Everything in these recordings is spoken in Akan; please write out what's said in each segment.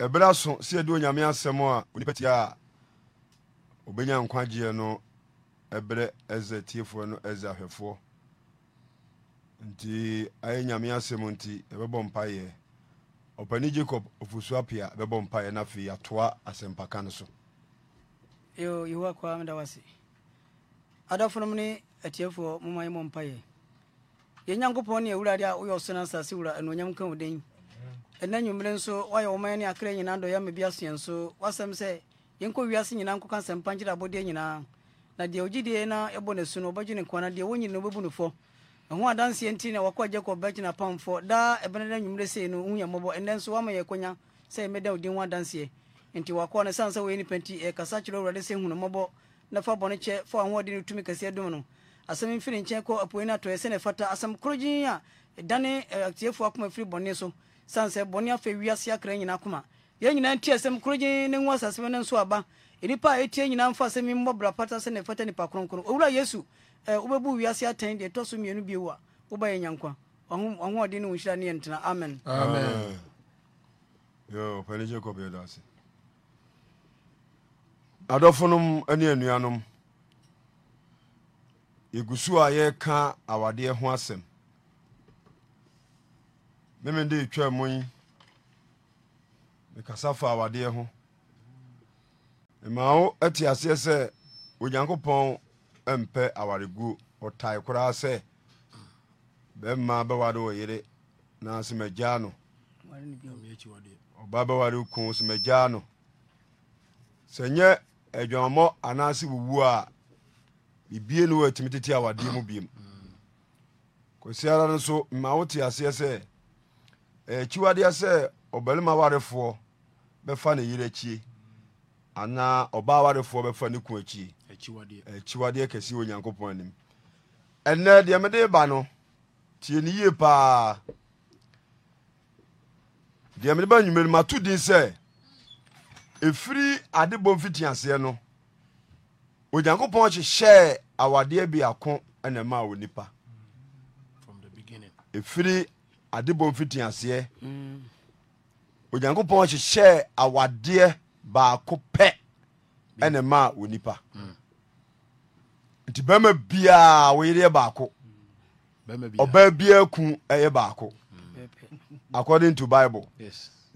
ɛberɛ so sɛ yɛde onyame asɛm a onipa tia a obɛnya gyeɛ no ɛberɛ ɛzɛ tiefoɔ no ɛzɛ ahwɛfoɔ nti ayɛ nyame asɛm nti ɛbɛbɔ mpayɛ ɔpani jacob ofusu apia ɛbɛbɔ mpayɛ no afei atoa asɛmpaka no so yehowa kwa meda wase adafonom ne atiafoɔ moma yɛmmɔ mpayɛ nyankopɔn ne awurade a woyɛ ɔso no asase wura anuonyam ka wo den ɛna nwummerɛ nso woayɛ wɔma ne akrɛ nyinaa dɔ yɛma bi asoɛ nso woasɛm sɛ yɛnkɔ wiase nyinaa nkɔka nsɛmpa nkyerɛ abɔdeɛ nyinaa na deɛ ogyidie na ɛbɔ no su no wɔbɛgye ne kwan na deɛ wɔnyini no wobɛbu no fɔ ɛho adanseɛ nti na wakɔ agya kɔ bɛgyina pamfɔ daa ɛbɛne da nwummerɛ sei no wohu yɛ ɛnɛ nso woama yɛ kwanya sɛ yɛmɛda wo ho adanseɛ nti wakɔ no sane sɛ woyɛ nipa nti ɛkasa kyerɛ awurade sɛ hunu mmɔbɔ na fa bɔne kyɛ fa ahoɔden no tumi kɛseɛ dom no asɛm mfiri nkyɛn kɔ apuei no atɔɛ sɛne ɛfata asɛm korogyen a ɛdane atiefoɔ e, akoma firi bɔne so sane sɛ bɔne afa wiase akra nyina koma yɛn nyinaa nti asɛm korogye ne nwa asasɛm no nso aba nnipa a ɛtie nyinaa mfa asɛm mmɔ bra pata sɛ ne fata nipa kronkron owura yesu eh, wobɛbu wiase atɛn deɛ ɛtɔ so mmienu bio a woba yɛ nyankwa ɔhoɔden ne wo nhyira ne yɛ ntena amen adɔfonom ne anuanom yɛgu so a yɛreka awadeɛ ho asɛm meme de twa mu yi mekasa fa awadeɛ ho mmaa wo ate aseɛ sɛ onyankopɔn mpɛ awareguo ɔtae koraa sɛ bɛmma bɛwade wɔ yere na sɛ magyaa no ɔba bɛwade ku sɛ magyaa no sɛ nyɛ adwamammɔ anaasɛ wuwu a bibie no wɔatumi tete awadeɛ mu biom kɔsi no so mma te aseɛ sɛ akyiwadeɛ eh, sɛ ɔbarima warefoɔ bɛfa ne yere akyie anaa ɔbaa warefoɔ bɛfa ne ku akyie akyiwadeɛ eh, eh, kɛseɛ wɔ onyankopɔn anim ɛnɛ deɛ mede ba no tie ne yie paa deɛ mede ba nnwuma no mato din sɛ ɛfiri ade bɔ mfitiaseɛ no onyankopɔn hyehyɛɛ awadeɛ bi ako ɛna ɛmaa wɔ nipa ɛfiri ade bɔmfiti aseɛ onyankopɔn hyehyɛ awadeɛ baako pɛ ɛne maa wɔ nipa nti bɛrima biaa wo baako ɔbaa biaa ku ɛyɛ baako according to bible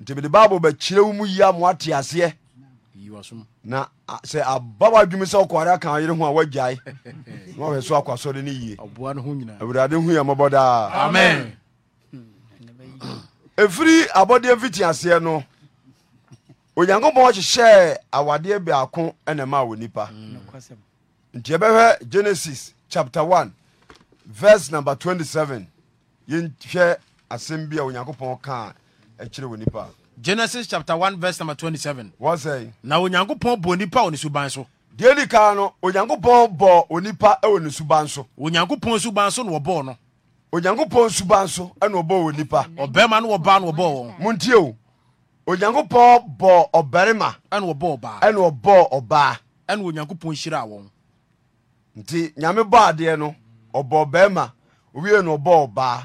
nti mede bible bɛkyerɛ wo mu yi amoate aseɛ na sɛ ababa w' adwumi sɛ ɔkɔare aka yere ho a woagyae na ɔhwɛ so akɔ asɔre no yie awurade hu yamɔbɔ daa ɛfiri abɔdeɛ mfiti aseɛ no onyankopɔn hyehyɛɛ awadeɛ biako ne maa wɔ nipa mm. nti yɛbɛhwɛ genesis chapter 1 verse number 27 yɛhwɛ asɛm bi a onyankopɔn kaa ɛkyerɛ wɔ genesis chapter 1 verse number 27 na onyankopɔn bɔ nipa wɔ ne suban so deɛ di no onyankopɔn bɔ onipa wɔ ne suban so onyankopɔn suban so na wɔbɔɔ no onyankopɔn suba nso ɛna ɔbɔ wɔ nipa ɔbarima no wɔba no wɔbɔ wɔn montie o onyankopɔn bɔ ɔbarima ɛna wɔbɔ ɔbaa ɛna ɔbɔ ɔbaa ɛna onyankopɔn hyiraa wɔn nti nyame bɔ adeɛ no ɔbɔ owie na ɔbɔ ɔbaa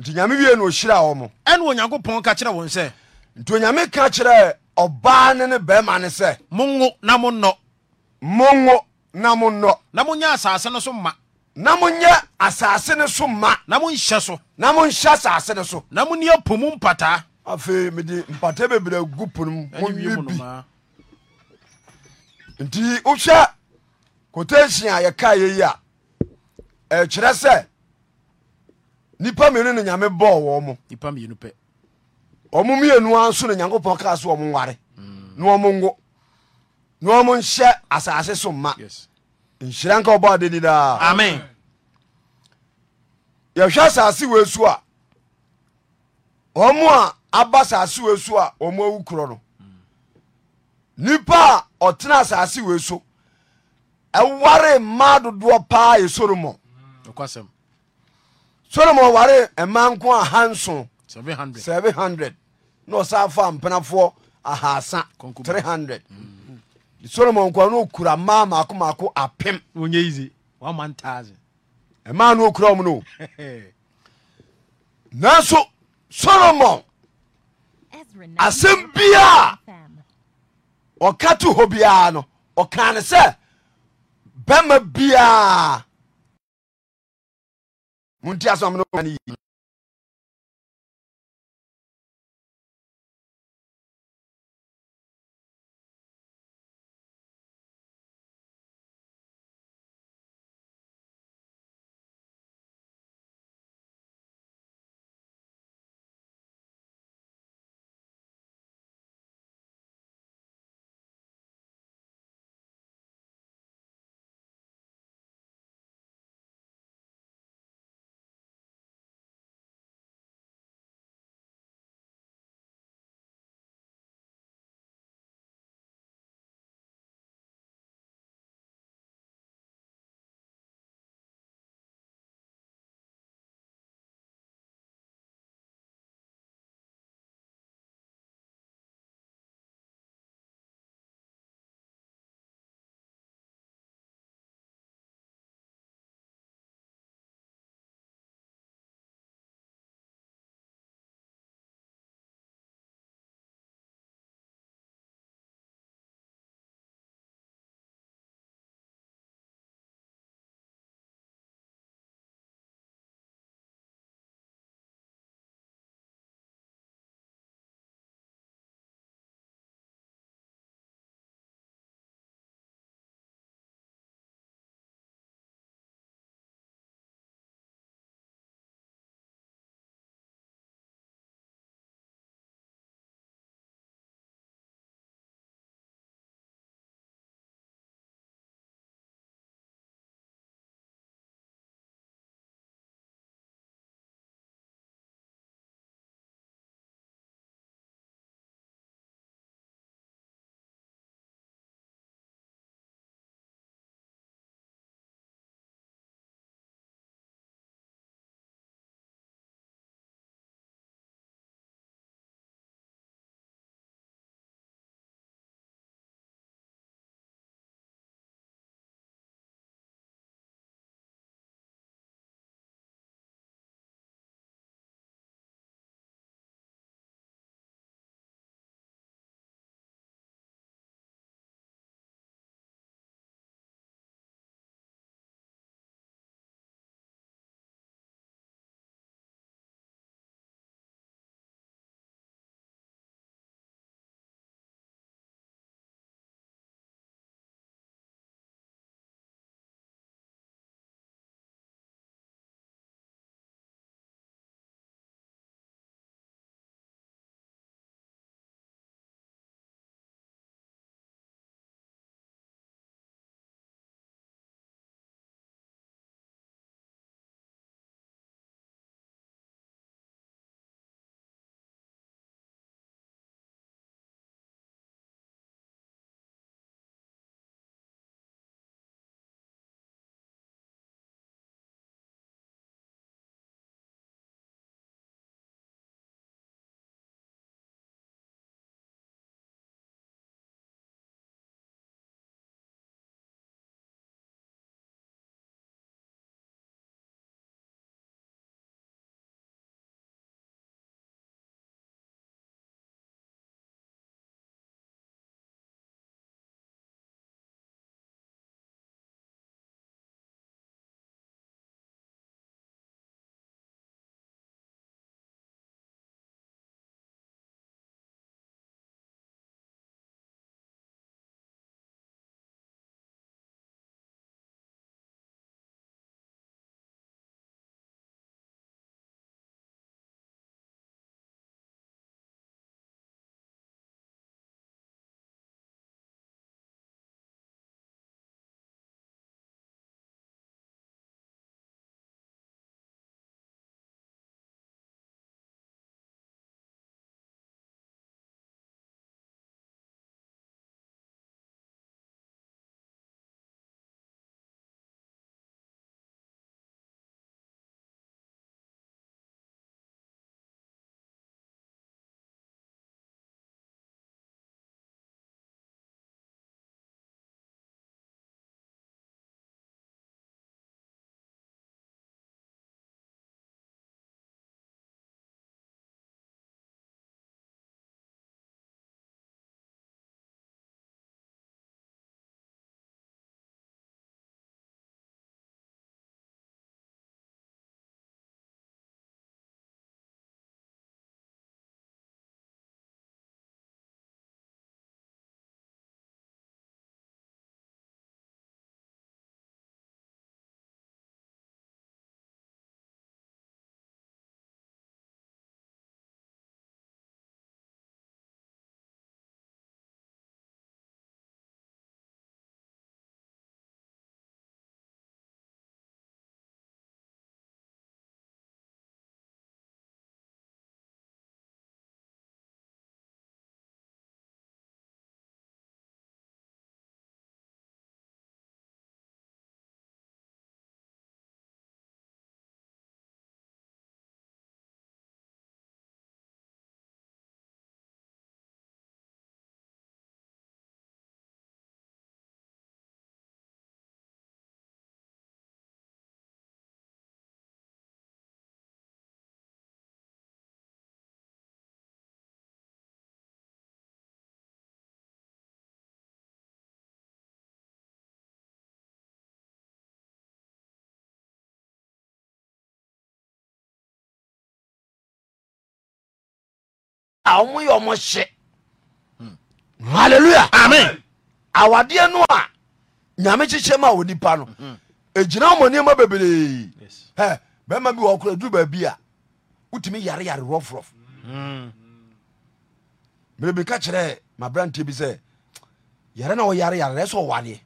nti nyame wie na ɔhyiraa wɔn ɛna onyankopɔn ka kyerɛ wɔn sɛ nti onyame ka kyerɛ ɔbaa ne ne ne sɛ na na na na monyɛ asase no so ma na monhyɛ so na monhyɛ asase no so na monni apo mu mpataa afei mede mpata bebree gu ponum mobi nti wohwɛ kotation a yɛka yɛyi a ɛkyerɛ sɛ nipa mmienu ne nyame bɔɔ wɔ mo nipa mmienu pɛ ɔmo mmienu a nso ne nyankopɔn kaa so ɔmo nware mm. na ɔmo ngo na ɔmo nhyɛ asase so ma yes nhyira nka ɔbɔ ade ni amen yɛhwɛ asase wɔ su a ɔmo a aba asase wɔ su a ɔmo awu korɔ no nipa a ɔtena asase wɔ so ɛware mmaa dodoɔ paa yɛ solomon mm, solomon ware mmaa nko a hanson 700 na ɔsan fa mpenafoɔ ahasa 300. Mm solomon kɔ no okura maa maako maako apem onye ize one man thousand ɛmaa no okura ɔmo no nanso solomon asɛm biaa ɔka to hɔ biara no ɔkaa ne sɛ bɛma biaa monti asɛm no a ɔmo yɛ ɔmo hye hallelujah amen awadeɛ no a nyame kyekyɛ ma wɔ nipa no egyina ɔmo nneɛma bebree ɛ bɛrima bi wɔ ɔkoro edu baabi a wotumi yare yare rɔfrɔf mèrèmí ka kyerɛ maberanteɛ bi sɛ yare na ɔyare yare ɛsɛ ɔwadeɛ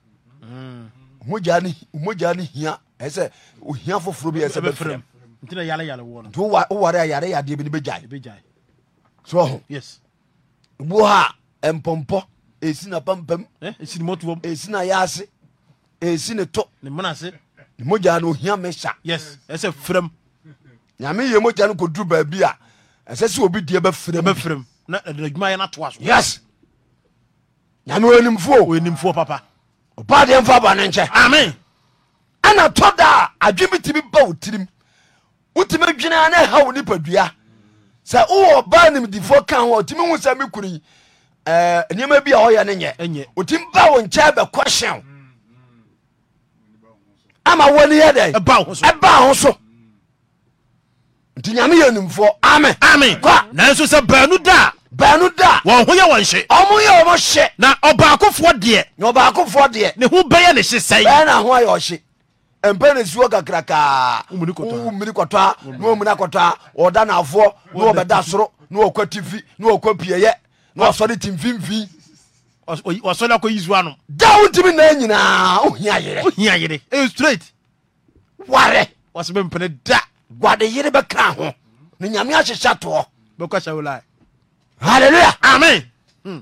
mogya ne hia ɛsɛ ohia foforɔ bi ɛsɛ bɛfrɛm nti woware a yare yadeɛ bi ne bɛgyae soho boha mpɔmpɔ ɛsi na pampam ɛsi eh, na yɛase ɛsi ne to ne mogya no ohia me sa ɛsɛ frɛm nyame ye mogya no kɔduru baabi a ɛsɛ sɛ obi deɛ bɛfrɛm adwuma yɛ notoa so yes nyame ɔnimfoɔ ɔnimfoɔ papa ɔba deɛ mfa ba ne nkyɛ amen ɛna tɔ da a adwe bi tumi ba wo tirim wotumi dwene a na ɛha wo nipadua sɛ wowɔ ba nimdifoɔ ka ho ɔtumi hu sɛ me kuro yi nneɛma bi a ɔyɛ no nyɛ ɔtumi ba wo nkyɛn bɛkɔ hyew ama wɔni yɛ ho so nti nyame yɛ nimfoɔ amen amen kɔ nanso sɛ baanu da a baanu da a wɔn ho yɛ wɔn hye ɔmo yɛ ɔmo hye na ɔbaakofoɔ deɛ na ɔbaakofoɔ deɛ ne ho bɛyɛ ne hye sɛn bɛɛ na ho ayɛ ɔhye mpɛne siwo kakrakaa miri kɔtɔa na omuni akɔtɔa ɔda naafoɔ na wɔbɛda soro na wɔkɔ tifi na wɔkɔ pieyɛ na wɔsɔre ti mfimfi wɔsɔre akɔ yisua no da na nyinaa ohia yere ohia yere ɛyɛ eh, straight ware wɔsɛ bɛmpene da gwade yere ho na nyame ahyehyɛ toɔ bɛkɔ hyɛ halleluya amen hmm.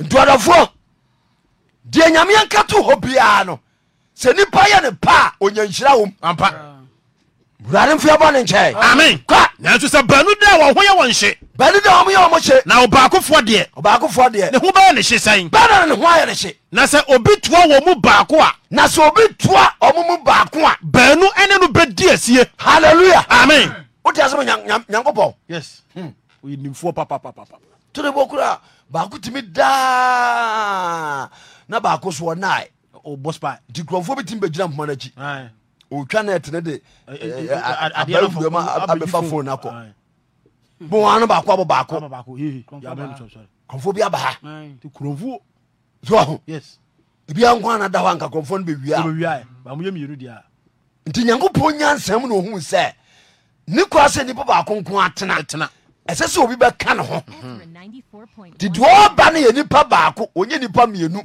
ntuadɔfoɔ deɛ nyame anka to hɔ biara no sɛ nipa yɛ ne paa onya nhyira wom wurade mfe bɔ ne nkyɛn amen kɔ nanso sɛ baanu da wɔn ho yɛ wɔn hye baanu da wɔn yɛ wɔn hye na ɔbaakofoɔ deɛ ɔbaakofoɔ deɛ ne ho bɛyɛ ne hye sɛn bɛna ne ho ayɛ ne hye na sɛ obi toa wɔn mu baako a na sɛ obi toa wɔn mu baako a baanu ɛne no bɛdi asie hallelujah amen wote asɛm nyankopɔn yes hmm. oyi nimfoɔ papapapa to de bɔ kura baako tumi daa na baako soɔ naae bɔspa nti nkurɔfoɔ bi timi bɛgyina mpoma no akyi ɔtwa no ɛtene de eh, eh, eh, abarewurama abɛfa phone no akɔ bowa no baako abɔ baako kurɔfoɔ bi aba ha so ebia nko ana da hɔ anka kurɔfoɔ no bɛwia nti nyankopɔn nya nsɛm na ohuu sɛ ne kora sɛ nnipa baako nko atena ɛsɛ sɛ obi bɛka ne ho nti deɛ ɔba no yɛ nipa baako ɔnyɛ nipa mmienu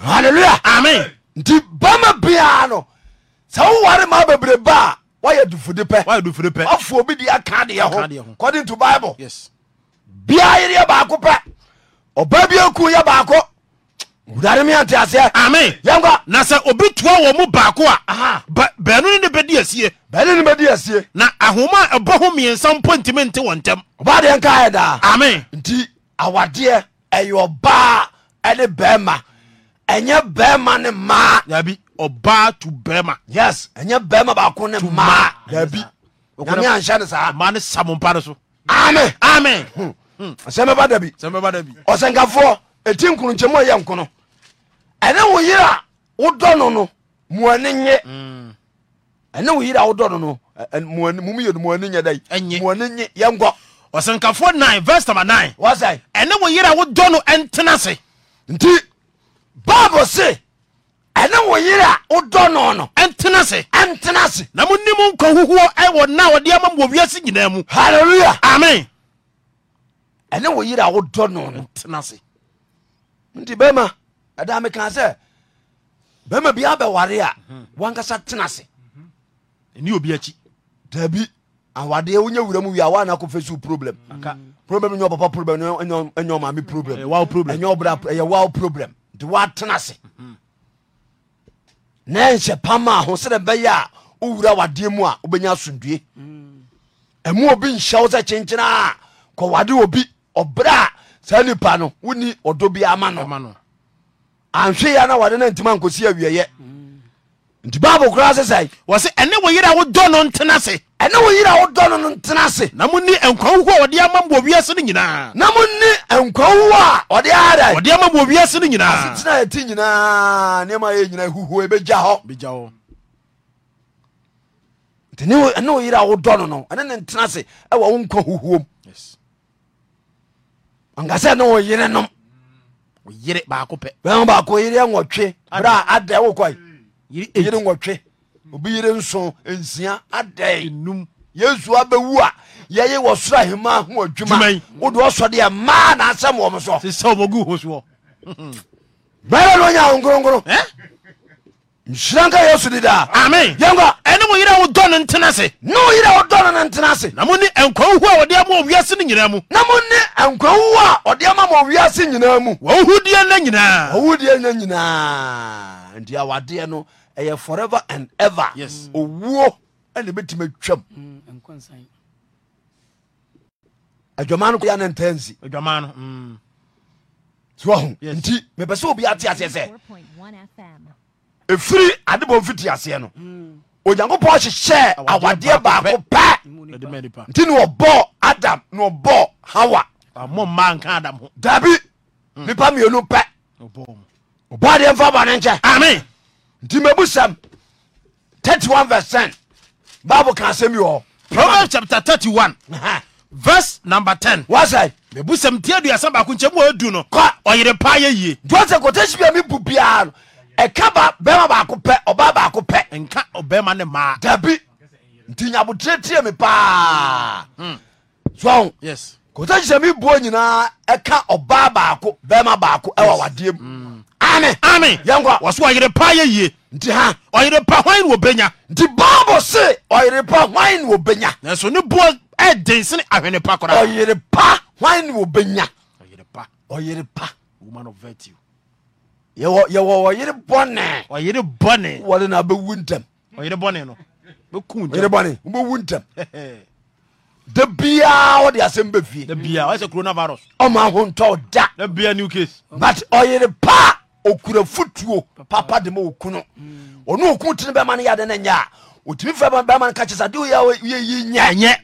Hallelujah, amen nti bama bia no sɛ woware ma bebre ba a woayɛ dufode pɛ afo obi deɛ aka deɛ ho according to bible bia yere yɛ baako pɛ ɔba bia ku yɛ baako wudare miante aseɛ amen yɛnkɔ na sɛ obi toa wɔ mu baako a bɛno ne ne bɛdi asie bɛne ne bɛdi asie na ahoma a ɛbɔ ho mmiɛnsa mpo ntimi nte wɔ ntɛm ɔbaadeɛ nkaɛ daa amen nti awadeɛ ɛyɛ ɔbaa ɛne bɛɛma ɛnyɛ bɛrima ne maa. dabi ɔbaa tu bɛrima. yes ɛnyɛ bɛrima baako ne maa. dabi nyame anhyɛ ne saa. maa ne samu mpa ne so. amen. amen. Hmm. Hmm. sɛmɛ ba dabi. sɛmɛ ba dabi. ɔsɛnkafoɔ eti nkurunkyɛmu a ɛyɛ nkono ɛne wo yere a wodɔ no no muani nye hmm. ɛne wo yere a wodɔ no no mumuyɛ no muani nyɛ dɛ muani nye yɛnkɔ. ɔsɛnkafoɔ nine verse number nine. wɔsɛn. ɛne wo yere a wodɔ no ɛntena nti bible se ɛne wo yere a wodɔ no no ɛntena se ɛntena se na monim nkɔ huhuɔ ɛwɔ na ɔde ama m wɔ wiase nyinaa mu halleluya amen ɛne wo yere a wodɔ no no ɛntena se nti bɛma ɛda meka sɛ bɛma bia bɛware a wankasa tena se ɛni obi akyi dabi awadeɛ wonya wura mu wie a wana akɔfɛ so problem problem nyɛ papa problem ɛnyɛ maame problem ɛnyɛ wobra ɛyɛ wow problem nti woatena ase na nhyɛ pama ho sɛdɛ bɛyɛ a wowura wadeɛ mu a wobɛnya asomdue ɛmu obi nhyɛ wo sɛ kyenkyena a kɔwade obi ɔbrɛ a saa nipa no woni ɔdɔ bi ama no anhwe yɛ na wade no ntim ankɔsi awieɛ nti bible koraa se sɛ wɔ se ɛne wo yere a wodɔ no ntena se ɛne wo yere a wodɔ no no ntena se huhu a wɔde ama mbɔ wiase no nyinaa na monni nkwa a ɔde ada wɔde ama mbɔ wiase no nyinaa tena yɛti nyinaa nneɛma yɛ nyina huhuo ɛbɛgya hɔ bɛgya hɔ nti ɛne wo yere a wodɔ no no ɛne ne ntena se ɛwɔ wo nkwa huhuom anka sɛ ne wo yere nom wo yere baako pɛ bɛma baako yere ɛwɔtwe berɛ a ada wo yere wɔtwe obi yere nso nsia adɛn num yesu abɛwu a yɛyɛ wɔ soro ahema ho adwuma wode ɔsɔdeɛ maa naasɛm wɔ m so bɛrɛ no ɔnya wo nkronkro nhyira nka yesu di daa amen yɛnkɔ ɛne mo yerɛ wo dɔ no ntena se ne wo yerɛ wo dɔ no no ntena se na mone nkwahuhu a wɔde ama owiase no nyinaa mu na mone nkwahuhu a wɔde ama ma owiase nyinaa mu wɔwohudeɛ na nyinaa wɔwohudeɛ na nyinaa nti awadeɛ no ɛyɛ forever and ever yes. owuo ɛne bɛtumi atwam mm, adwama no yɛ ne nta nsi adwama no mm. nti mepɛ sɛ obi ate aseɛ sɛ ɛfiri adebɔ mfiti aseɛ no onyankopɔn hyehyɛ awadeɛ baako pɛ nti ne ɔbɔɔ adam na ɔbɔɔ hawa dabi hmm. nipa mmienu pɛ ɔbɔ adeɛ mfa bɔ ne nkyɛ ame nti mabu Thirty-one, verse ten. bible ka asɛm yi wɔ proverbs chapter thirty-one, verse number ten. 10 wasɛ mabu sɛm tiaduasa baako nkyɛmu a adu no ɔyere paa yɛ yie nti wasɛ kɔtɛsi bia mebu biaa no ɛka bɛrima baako pɛ ɔbaa baako pɛ nka ɔbɛrima ne maa dabi nti nyabotere tie paa hmm. so kòtò ṣiṣẹ́ mi bu nyinaa ɛka ɔbaa baako bɛrima baako ɛwɔ wadeɛ mu ami hmm. ami yɛn kɔ wɔsi ɔyere pa yɛ yie nti ha ɔyere pa hwan wo nya nti baabu se ɔyere pa hwan wo nya. nso ne buo ɛden sini ahwene pa kora ɔyere pa hwan wo nya. ɔyere pa ɔyere pa woman of virtue. yɛwɔ ɔyere bɔne ɔyere bɔne wɔde na bɛwu ntɛm ɔyere bɔne no bɛku ntɛm ɔyere bɔne wobɛwu ntɛm da biaa wɔde asɛm bɛ fie da biaa coronavirus ɔma ho da da biaa new case but ɔyere pa okura futuo papa de ma okunu ɔne oku mm. tene bɛma no yɛde no nyɛ a ɔtumi fɛ bɛma no ka kyɛ sɛ de woyɛ yɛyi nyɛnyɛ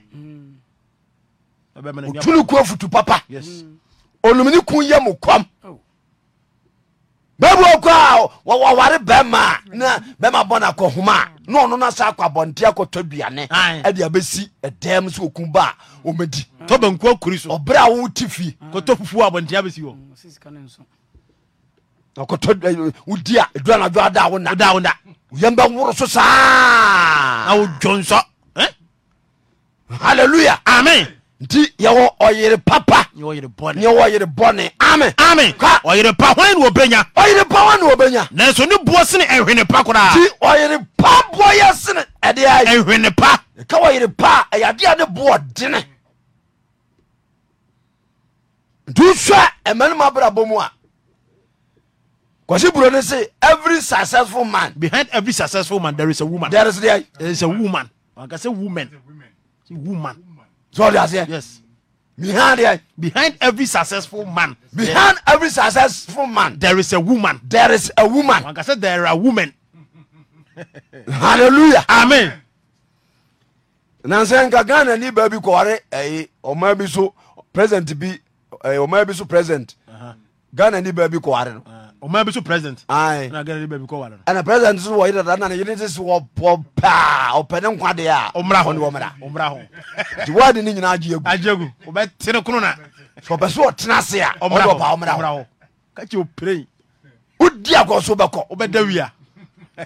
ɔtu no ku papa ɔnum ne ku yɛ mo kɔm oh bẹẹbi ọkọ a wọwọware bẹẹma na bẹẹma bọ na kọ homa na ọno na sa akọ abọnten akọtọ duane ẹdi abesi ẹdẹm so okun ba ọmọdi. tọba nkú akuri so. ọbẹrẹ awọn ti fi. kọtọ fufu abọnten abesi wọ. ọkọtọ udi a edu anadwo ada awo na. ọda awo na. yẹn bẹ woro so saa. na jọ nsọ. hallelujah. amen nti yɛwɔ ɔyere papa yɛwɔ yere bɔne ame ame ɔyere pa hwan ne wɔbɛnya ɔyere pa hwan ne wɔbɛnya nanso ne boɔ sene ɛhwene pa koraa nti ɔyere pa boɔ yɛ sene ɛde ɛhwene pa ka ɔyere pa a ɛyɛ adeɛ a ne boɔ dene nti wohwɛ ɛmanim abrabɔ mu a kwasi buro ne se every successful man behind every successful man there is a woman there is, there is a woman there is a woman ɔka sɛ woman woman sọọdi aseɛ yes behind there behind every successful man behind there, every successful man there is a woman there is a woman wọn kasɛ there are women hallelujah amen nansɛn ka ghana ni baabi kɔɔre ɛyi ɔmaa bi so present bi ɛyi ɔmaa bi so present ghana ni baabi kɔɔre no. Uh -huh ɔma bi so president ɛna president so wɔyere dada na yere sese wɔpɔ paa ɔpɛ ne nkwa deɛ a ɔmmra hɔ ɔmmra hɔ nti wɔde ne nyinaa agye agu agye agu ɔbɛtene kono na sɛ ɔpɛ so ɔtena se a ɔmde ɔba ɔmmra hɔ ka kye ɔpirei wodi akɔ so wobɛkɔ wobɛda wia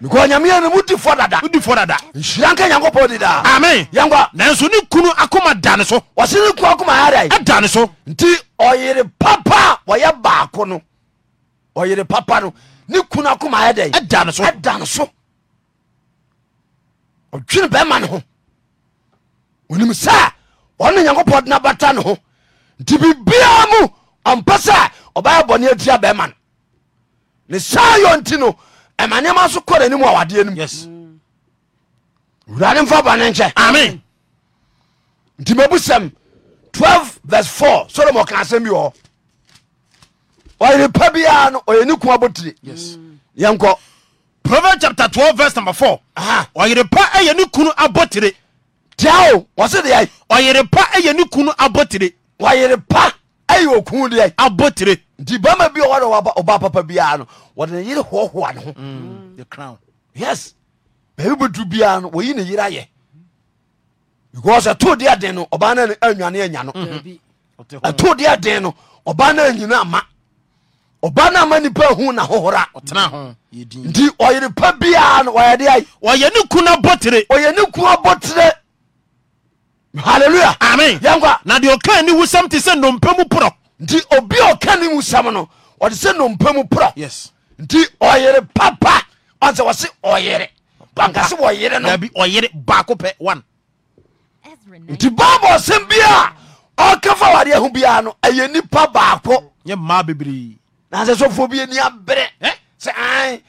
because nyame yɛ no wodi fɔ dada wodi fɔ dada nhyira nka nyankopɔn di daa amen yɛnkɔ nanso ne kunu akoma da ne so ɔse ne kunu akoma ɛdai ɛda ne so nti ɔyere papa wɔyɛ baako ɔyere papa no ne kuna koma ɛdɛ ɛda no so ɔdwene bɛma ne ho onim sɛ ɔne nyankopɔn dena bata ne ho nti biribiaa mu ɔmpɛ sɛ ɔbɛyɛ bɔne atia bɛma no ne saa yɔ nti no ɛma nneɛma so kɔ n'anim awadeɛ no mu wurade mfa bɔne nkyɛ amen nti mabu sɛm Twelve, verse four. solomo ka asɛm bi wɔ hɔ oyere pa biaa no ɔyɛ ne kua botire yɛnkɔ proverbs chapter 12 verse number pa ne kunu abotire tia o deɛ ɔyere pa ɛyɛ ne abotire pa okun deɛ abotire nti bama bi ɔba papa biara no wɔde ne yere hoahoa ne ho mm. the crown yes baabi bɛdu biara no wɔyi ne yere ayɛ because ɛtoo deɛ den no ɔbaa no anwane anya no mm. den no ɔbaa ama ɔba no ma nipa hu na hohora nti ɔyere pa biaa no ɔyɛde ayɛ ne kuna bɔtere ɔyɛ ne kuna bɔtere halleluya amen yɛnkwa na deɛ ɔka ne wusɛm te sɛ nnompa mu porɔ nti obi a ɔka ne wusɛm no ɔte sɛ nnompa mu porɔ nti ɔyere papa ɔsɛ wɔse ɔyere anka sɛ wɔyere no ɔyere baako pɛ one nti bible sɛm bia a ɔka fa wadeɛ ho biara no ɛyɛ nipa baako nyɛ mmaa bebree nansɛ sɔfoɔ bi ani aberɛ sɛ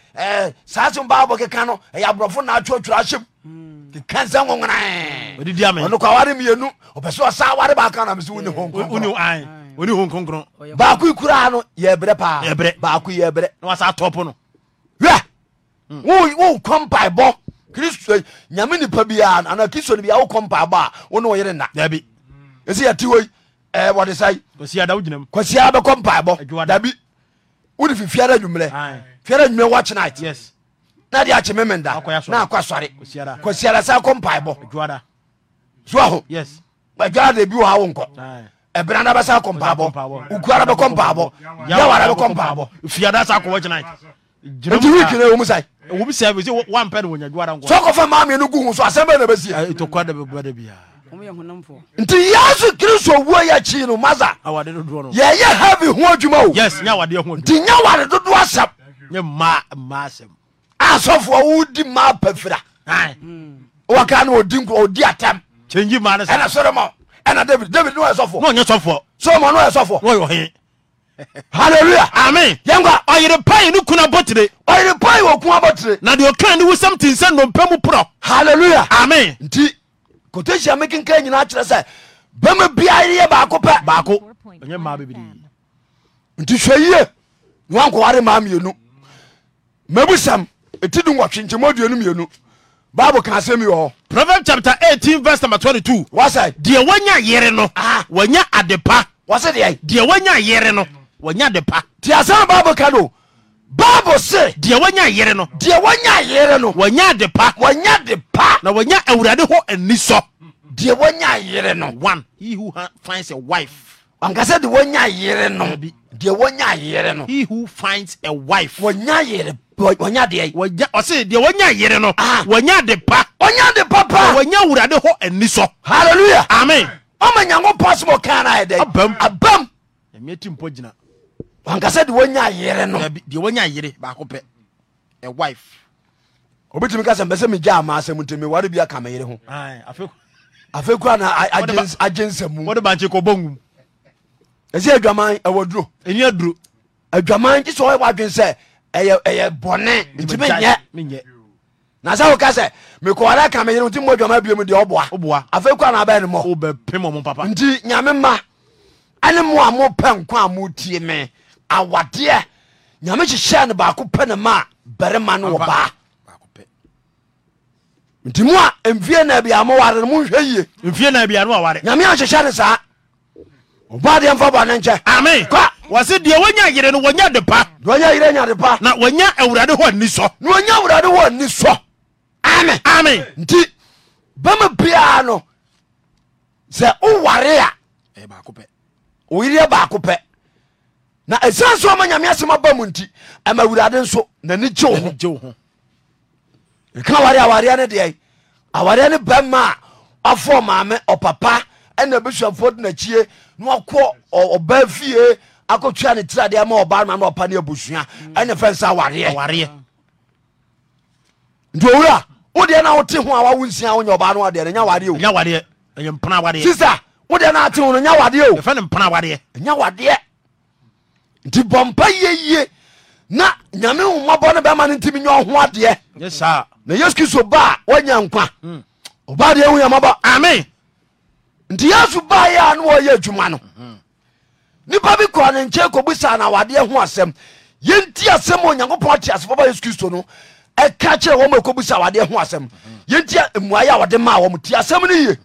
saa se baabɔ keka no ɛyɛ aborɔfo naatwatwerɛ ahyɛm hmm. keka nsɛ nwonwonaɔno kwa ware mmienu ɔpɛ sɛ ɔsa ware baaka na mesɛ wone hon baako kuraa no yɛbrɛ paa baako yɛbrɛ hmm. wasa tɔpo no wɛ wowokɔ mpaebɔ kristo nyame nipa biaa anaa kristo no bia wokɔ mpaebɔ a wo ne wo yere nna ɛsi yɛte wei wɔde sɛe kwasia bɛkɔ mpaebɔ dabi wode fi fiara adwumerɛ fiara adwumerɛ watch night na de akye memenda na akɔ asɔre kɔsiara sa kɔ mpaebɔ so aho adwara de bi wɔ ha wo nkɔ ɛbena na bɛsa kɔ mpaabɔ okuara bɛkɔ mpaabɔ yawara bɛkɔ mpaabɔ fiada sa kɔ watch night nti week na ɛwɔ mu sae sɛ kɔfa maa mienu gu hu so asɛm bɛ na bɛsi nti yesu kristo wuo yɛ kyii no masa yɛyɛ heavy ho adwuma o nti nya wade dodo asɛm asɔfoɔ wodi ma pafira waka ne ɔdi atɛm ɛna soroma ɛna david david ne wɔyɛ sɔfoɔ solomon ne wɔyɛ sɔfoɔ hallelujah amen yɛnkwa ɔyere pai ne kuna bɔtire ɔyere pai wɔ kuna bɔtire na deɛ ɔka ne wosɛm te nsɛ nnompa mu porɔ hallelujah amen nti quotation me kenka nyinaa kyerɛ sɛ bɛma biara yɛ baako pɛ baako ɛnyɛ mmaa bebree nti hwɛ yie na wankɔware maa mmienu mabusɛm ɛti du nwɔtwe nkyɛ mɔduonu mmienu bible ka asɛm yi wɔ hɔ proverb chapter 18 verse number 22 wɔsɛ deɛ wanya yere no wanya ade pa wɔsɛ deɛ deɛ wanya yere no wanya ade pa nti asɛm bible ka no bible se deɛ wanya yere no deɛ wanya yere no wanya ade pa wanya de pa na wanya awurade hɔ ani sɔ deɛ wanya yere one he who finds a wife ankasa de wanya yere no deɛ wanya yere no he who finds a wife wanya yere wanya deɛ wanya ɔse deɛ wanya yere no Ah. wanya ade pa wanya de pa. papa wanya awurade hɔ ani Hallelujah. halleluya amen ɔma nyankopɔn sɛ wɔkaa no ayɛ dɛ Abam. abam ɛmiɛ ti mpɔ gyina nkasɛ de wanya yere no deɛ wanya yere baako pɛ a wife obi ka sɛ mbese mi megya ama asɛm nti wari bi aka meyere ho afei kora na agye nsɛm mu wode bankye kɔbɔ nwum ɛsɛ adwaman ɛwɔ duro ɛni aduro adwaman gye sɛ ɔyɛ wadwen sɛ ɛyɛ ɛyɛ bɔne nti menyɛ na sɛ woka sɛ mekɔware aka meyere ho nti mmɔ adwaman biomu deɛ ɔboa afei kora na abɛɛ no mɔ nti nyame ma ɛne mo a mopɛ nkwa a motie me awadeɛ nyame hyehyɛ no baako pɛ ne maa barima no wɔ baa nti mu a mfie na bia moware no monhwɛ yie nyame ahyehyɛ ne saa ɔba deɛ mfa bɔne nkyɛ ame wɔse deɛ wɔnya yere no wɔnya de pa wɔnya yere nya de pa na wɔnya awurade hɔ ani sɔ na wɔnya awurade hɔ ani sɔ ame ame nti bɛma biaa no sɛ woware a oyere baako pɛ na ɛsiane so ma nyame asɛm aba mu nti ɛma awurade nso nani gye wo ho ka ware awareɛ no deɛ awareɛ no bɛma a afoɔ maame ɔpapa ɛna bɛsuafoɔ de nakyie na wakɔ ɔba fie akɔtua ne tiradeɛ ma ɔba no ma ɔpa ne abusua ɛne fɛ nsa awareɛ nti owura wodeɛ no wote ho a wawo nsia wonyɛ ɔba no adeɛ no ɛnya wareɛ o sisa wodeɛ no ate ho no nya wadeɛ o ɛnya wadeɛ nti yie yie na nyame womabɔ no bɛma no ntimi nyɛ ɔho adeɛ na yesu kristo ba a wanya nkwa hmm. ɔba deɛ hu yamabɔ ame nti yesu ba yɛ a na wɔyɛ adwuma no hmm. nipa bi kɔɔ ne nkyɛn kɔbu sa na awadeɛ ho asɛm yɛnti asɛm a onyankopɔn te asefo ba yesu kristo no ɛka kyerɛ wɔn a ɛkɔbu sa awadeɛ ho asɛm hmm. yɛnti mmuayɛ a wɔde maa wɔn ti asɛm no yie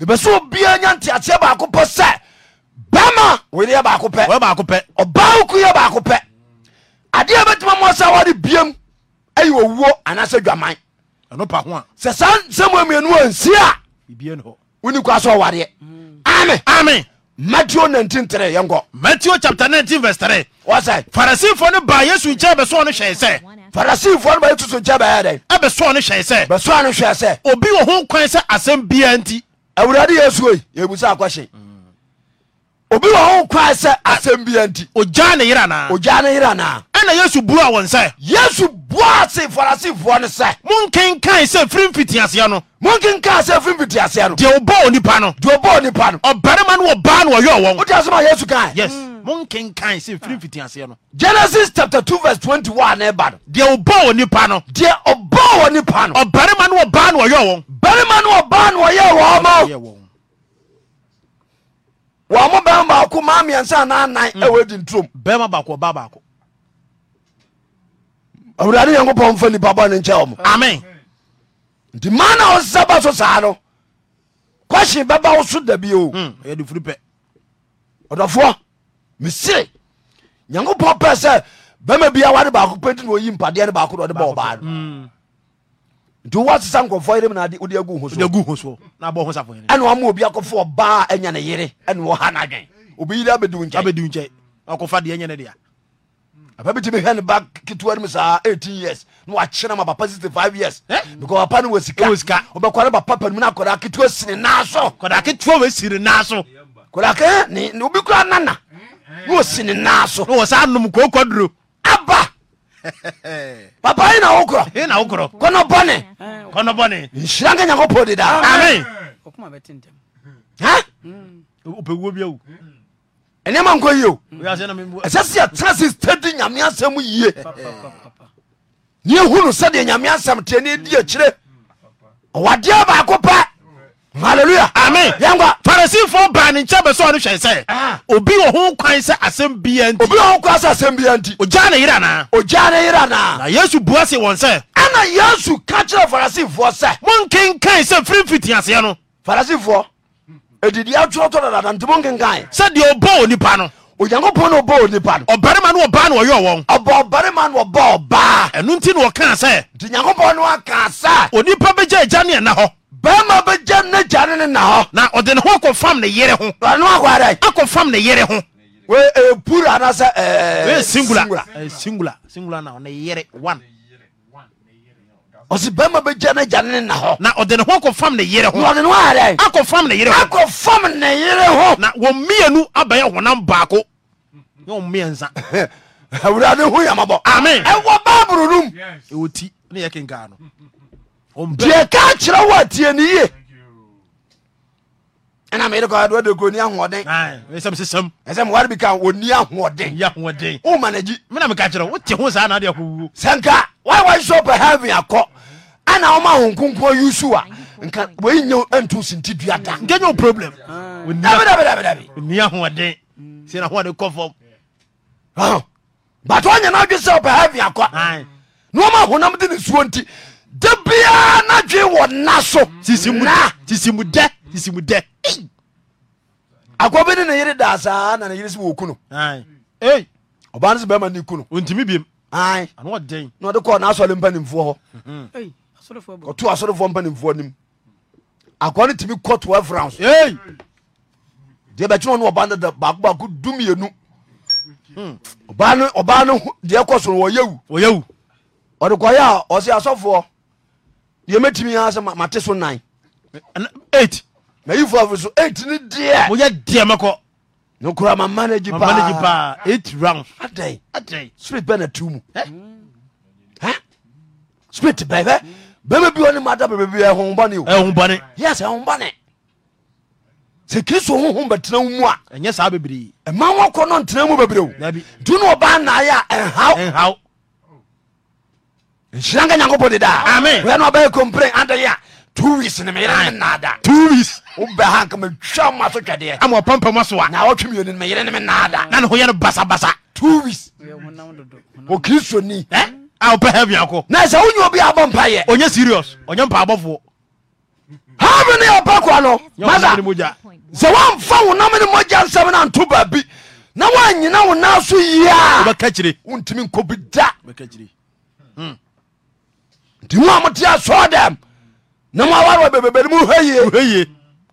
ebɛsɛ obiara nya nteaseɛ baako pɛ sɛ bɛma weyɛ baako pɛ ɔba woku yɛ baako pɛ adeɛ bɛtuma mɔ sa wɔde biam ɛyɛ owuo anasɛ dwaman sɛ saa nsɛm mmienu ansi a woni kwa sɛ ɔwareɛ ame mm. ame matthew 193 yɛnkɔ matthew chapter 19 verse 3 wɔsɛ farisifoɔ no ba yesu nkyɛn bɛsɔɔ no hwɛe sɛ farisifoɔ no baa yesu so nkyɛn bɛyɛ dɛn ɛbɛsɔɔ no hwɛe sɛ bɛsɔɔ no hwɛɛ sɛ obi wɔ ho kwan sɛ asɛm biaa nti awurade yesu ei yɛbusa akɔhye mm obi wɔ hokwae sɛ asɛm bia nti ogya ne yera naa ogya ne yera naa ɛna yesu bua wɔn sɛ yesu bua se farisifoɔ no sɛ monkenkan sɛ firi mfitiaseɛ no monkenkan sɛ firi mfitiaseɛ no deɛ ɔbɔ onipa no deɛ ɔbɔ onipa no ɔbarima no wɔbaa no ɔyɛ wɔn wote asɛm a yesu kae yes monkenkan sɛ firi mfitiaseɛ no genesis chapter two verse 21 ne ba no deɛ ɔbɔ onipa no deɛ ɔbɔ onipa no ɔbarima no wɔbaa no ɔyɛ wɔn barima no wɔbaa no ɔyɛ wɔ mo bɛrima baako maa mmiɛnsa anaa nan mm. ɛwɔ edi nturom bɛrima baako ɔbaa baako. awurade nyankopɔn mfa nipa bɔ ne nkyɛ wɔ mo amen nti ma na ɔsaba so saa no kɔhye bɛba wo so da bio mm, yɛdefiri pɛ ɔdɔfoɔ mesere nyankopɔn pɛ sɛ bɛma bia wade baako pɛ nti na ɔyi mpadeɛ no baako na ɔde bɔ ɔbaa no mm. nti wowasesa nkɔfoɔ yerem nade wode agu ho soɛne ɔma obi akɔfa ɔbaa anya ne yere ɛne wɔha no adwen obiyire abɛdi nkyɛbɛdi nkyɛ ɔkɔfa deɛ nyɛ ne dea apa bi tumi hwɛ ba ketewa no mu saa 18 years na wakyerɛ ma papa 65 years eh? because papa no wɔ sika wobɛkɔre papa panim no akɔdaa ketewa sine naa so ketewa wɔsire naa so kɔdaa ke obi kora nana na eh? wɔsine naa so na wɔ saa nom kookɔduro aba papa ina wokora ina wokora kono bone eh, kono bone nshiranga nyako podi da amen okuma betinde ha opewuo hmm. bia wo ɛnɛma nkɔ yio ɛsɛ sɛ yɛtena se stadi nyame asɛm yie ne yɛhunu sɛdeɛ nyame asɛm teɛ ne ɛdi akyire ɔwadeɛ baako pɛ Hallelujah, amen yanga farisifo baa ne nkyɛn bɛ sɛ ɔno ah. sɛ obi wɔ ho kwan sɛ asɛm bia nti obi wɔ ho kwan sɛ asɛm bia nti ogya ne yera naa ogya ne yera naa na yesu bua se wɔn sɛ ɛna yesu ka kyerɛ farisifoɔ sɛ monkenkan sɛ firi mfiti aseɛ no farisifoɔ edidi atwerɛtɔ dadada nti monkenkan sɛ deɛ ɔbɔ onipa no onyankopɔn na ɔbɔ onipa no ɔbarima no ɔbaa na ɔyɛ wɔn ɔbɔ ɔbarima na ɔbɔ ɔbaa ɛno nti na ɔkaa sɛ nti nyankopɔn no aka sɛ onipa bɛgya agya ne ɛna hɔ bɛima bɛgya na gya ne ne na hɔ na ɔde ne ho fam ne yere ho ɔne akɔada akɔfam ne yere ho pur anasɛ singula singula na ɔsɛ bɛima bɛgya bɛ gya ne ne na hɔ na ɔde ne ho akɔfam ne yere ho a noada fam ne yere ho a fam ne yere ho na wɔn mmienu abɛyɛ honam baako ne wɔn mmiɛnsa awurade ho yamabɔ amen ɛwɔ baaburo nom ɛwɔ ti ne yɛ kenka no deɛ ka kyerɛ wɔ atie ne ye ɛna meyere kɔadoa de koni ahoɔden ɛsɛ meware bi ka ɔni ahoɔden woma no gyi mena meka kyerɛ wote ho saa naade akɔwuo sɛnka why wa sɔ pɛ heaven akɔ ana wɔma honkonkɔ yusu a nka wɔinya anto sinti dua da nka nyɛ problem dabidabidabidabi ɔni ahoɔden sɛna hoɔde kɔ fam but ɔnyɛ no adwe sɛ pɛ heaven akɔ na wɔma honam de ne suo nti dabi Na. so sisimudɛ sisimudɛ akɔ bi ne ne yere da saa na ne yere si wɔ kunu ɔbaa ne sɛ bɛrima ne kunu ntumi biem na ɔde kɔɔ n'asɔre mpanimfoɔ hɔ mm-hmm. ɔto asɔrefoɔ mpanimfoɔ nim akɔ ne tumi kɔ toa france deɛ bɛkyerɛ no ɔba dada baako baako dumienu hmm. ɔbaa no deɛ kɔ soro wɔyɛwu ɔde kɔyɛ a ɔse asɔfoɔ deɛ mɛtumi a sɛ mate so nan eight mayifo afo so eight ne deɛ moyɛ deɛ mɛkɔ nokora ma manage paa eight round adɛn adɛn spirit bɛ na tu mu spirit bɛbɛ bɛma bi ɔne mada bɛbɛbi ɛhohobɔne ɛhohobɔne yes ɛhohobɔne sɛ kristo honhom bɛtena wo mu a ɛnyɛ saa bebree ɛma wɔkɔ no ntena mu bebree o nti ne ɔba naeɛ a ɛnhaw ɛnhaw nhyira nka nyankopɔn de daa wɛ na ɔbɛyɛ complain adɛyɛ a two weeks ne meyere ne naada two weeks wobɛ ha nka matwa ma so twɛdeɛ ama ɔpampa ma so a na wɔtwe mmienu ne meyere ne me naada na ne ho yɛ no basabasa two weeks okristoni a wopɛ ha biako na sɛ wonya obi abɔ mpayɛ ɔnyɛ serious ɔnyɛ mpaabɔfoɔ habi ne yɛpa kwa no masa sɛ woamfa wo nam ne mogya nsɛm no anto baabi na woanyina wo na so yie a wobɛka kyire wontimi nkɔbi da ntiwomotea so dem na moawarewa bebebene mu heye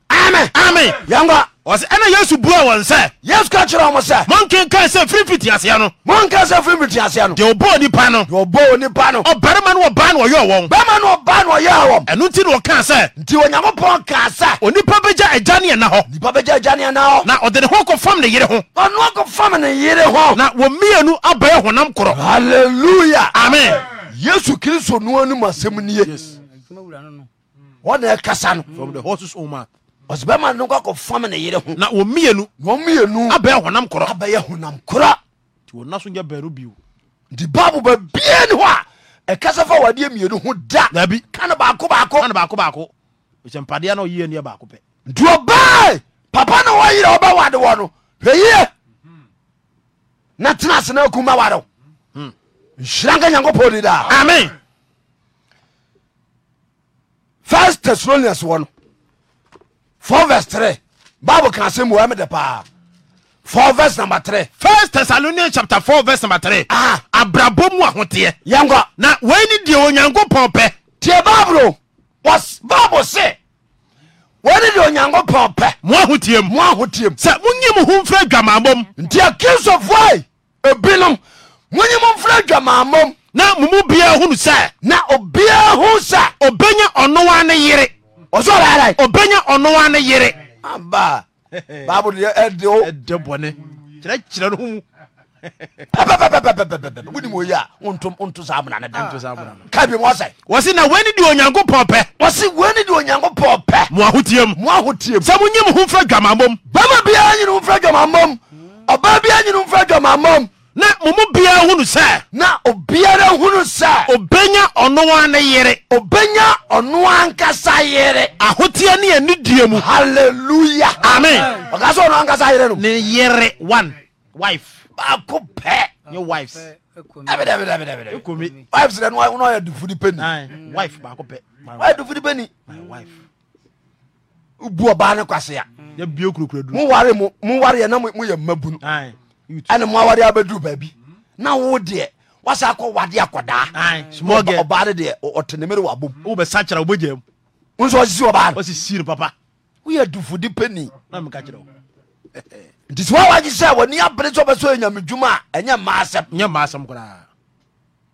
ame ame yanka ɔsɛ ɛna yesu bua wɔn sɛ yesu ka kyerɛ ɔmo sɛ monkenkan sɛ firifiti aseɛ no monka sɛ firifiti aseɛ no deɛ ɔbɔɔ nipa no deɛ ɔbɔɔ nipa no ɔbarima no ɔbaa no ɔyɛɛ wɔn bɛrima no ɔbaa no ɔyɛɛ wɔn ɛno nti na ɔkaa sɛ nti onyankopɔn kaa sɛ onipa bɛgya agya ne ɛna hɔ nipa bɛgya agya ne ɛna hɔ na ɔde ne ho kɔfam ne yere ho ɔno akɔfam ne yere ho na wɔmmienu abɛɛ honam korɔ halleluya amen yesu kristo noa no mu asɛm nie ɔne ɛkasa no ɔsɛ bɛma no nkɔkɔfam ne yere ho na wɔmienu wɔmienu abɛyɛ honam korɔ abɛyɛ honam korɔ nti wɔna so nyɛ bɛno bio nti bible babia ne hɔ a ɛkasa fa wadeɛ mmienu ho da dabi ka ne baako baako ka ne baako baako ɛkyɛ mpadeɛ na ɔyiyɛ neɛ baako pɛ nti ɔbae papa na wɔyerɛ ɔbɛwade wɔ no hwɛ yie na tena ase na akuma wade wo nhyira nka nyankopɔn di daa amen first thessalonians wɔ no four verse three bible kan se mu ɛmɛ de paa four verse number three. first thessalonians chapter four verse number three. ah abrabɔ mu ahoteɛ. yankwa. na wɔn ni deɛ onyankopɔn pɛ. tie bible was bible se wɔn ni deɛ onyankopɔn pɛ. mu ahoteɛ mu. mu ahoteɛ mu. sɛ mo nye mo ho nfura dwamabɔ mu. nti akisofo yi ebinom monye momfra adwamaamom na mumu biaa hunu sɛ na obia ho sa obɛnya ɔnoa ne yere ɔsɔrɛara obɛnya ɔnoa ne yere aba bible deɛ ɛde o ɛdɛ bɔne kyerɛkyerɛ no ho mu wonim oyi a wonto saa mona ne daka bi mɔ sɛ wɔse na wani de onyankopɔn pɛ wɔse wani de onyankopɔn pɛ mo ahotiam mo ahotiam sɛ monye mo ho mfra dwamammom bama biaa nyene ho mfra ni ɔbaa biaa nyene ho mfra dwamammom na momu biara hunu sɛ na obiara hunu sɛ obɛnya ɔnoa ne yere obɛnya ɔno ankasa yere ahoteɛ ne anidie mu halleluya amen ɔka sɛ ɔno yere no ne yere one wife baako pɛ nye wives ɛbɛdɛbɛdɛbɛdɛbɛ wives dɛ no ɔyɛ dufudi pɛni wife baako pɛ ɔyɛ dufudi pɛni my bu ɔbaa ne kwasea yɛ bie kurakura duro mu ware mu mu ware yɛ na mu yɛ mmabunu ɛne moawade abɛduru baabi na wo deɛ wasa akɔ wade akɔdaa ɔbaa de deɛ ɔtenemere wabom wobɛsakyera wobɛgyam wo nso wasisi ɔbaa no wasisi no papa woyɛ dufode pani na meka kyerɛ wo nti sɛ wawagye sɛ wɔni abere sɛ ɔbɛsɛ ɔyɛ nyamedwuma a ɛnyɛ mmaa asɛm nyɛ mmaa asɛm koraa